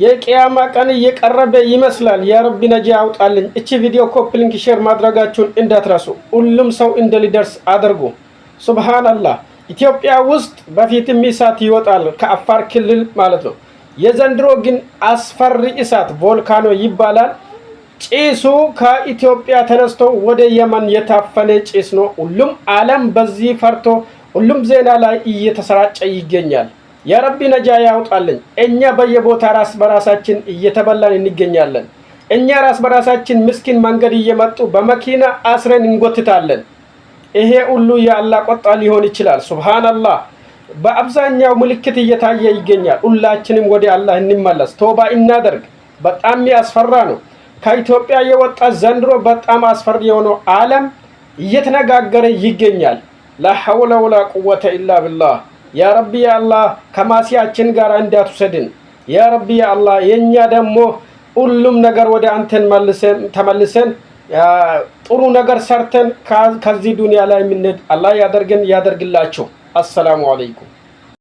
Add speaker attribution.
Speaker 1: የቅያማ ቀን እየቀረበ ይመስላል። የረቢ ነጂ ያውጣልኝ። እቺ ቪዲዮ ኮፒ፣ ሊንክ፣ ሼር ማድረጋችሁን እንዳትረሱ። ሁሉም ሰው ሊደርስ አድርጉ። ሱብሃነላህ ኢትዮጵያ ውስጥ በፊትም እሳት ይወጣል ከአፋር ክልል ማለት ነው። የዘንድሮ ግን አስፈሪ እሳት ቮልካኖ ይባላል። ጭሱ ከኢትዮጵያ ተነስቶ ወደ የመን የታፈነ ጭስ ነው። ሁሉም ዓለም በዚህ ፈርቶ ሁሉም ዜና ላይ እየተሰራጨ ይገኛል። የረቢ ነጃ ያውጣልን። እኛ በየቦታ ራስ በራሳችን እየተበላን እንገኛለን። እኛ ራስ በራሳችን ምስኪን መንገድ እየመጡ በመኪና አስረን እንጎትታለን። ይሄ ሁሉ የአላህ ቁጣ ሊሆን ይችላል። ሱብሃነላህ። በአብዛኛው ምልክት እየታየ ይገኛል። ሁላችንም ወደ አላህ እንመለስ፣ ቶባ እናደርግ። በጣም ያስፈራ ነው። ከኢትዮጵያ የወጣ ዘንድሮ በጣም አስፈሪ የሆነው ዓለም እየተነጋገረ ይገኛል። ላ ሐውለ ወላ ቁወተ ኢላ ቢላህ ያ ረቢ አላህ ከማሲያችን ጋር እንዳትውሰድን ያ ረቢ አላህ የእኛ ደግሞ ሁሉም ነገር ወደ አንተን መልሰን ተመልሰን ጥሩ ነገር ሰርተን ከዚህ ዱንያ ላይ የምንሄድ አላህ ያደርገን ያደርግላቸው። አሰላሙ አለይኩም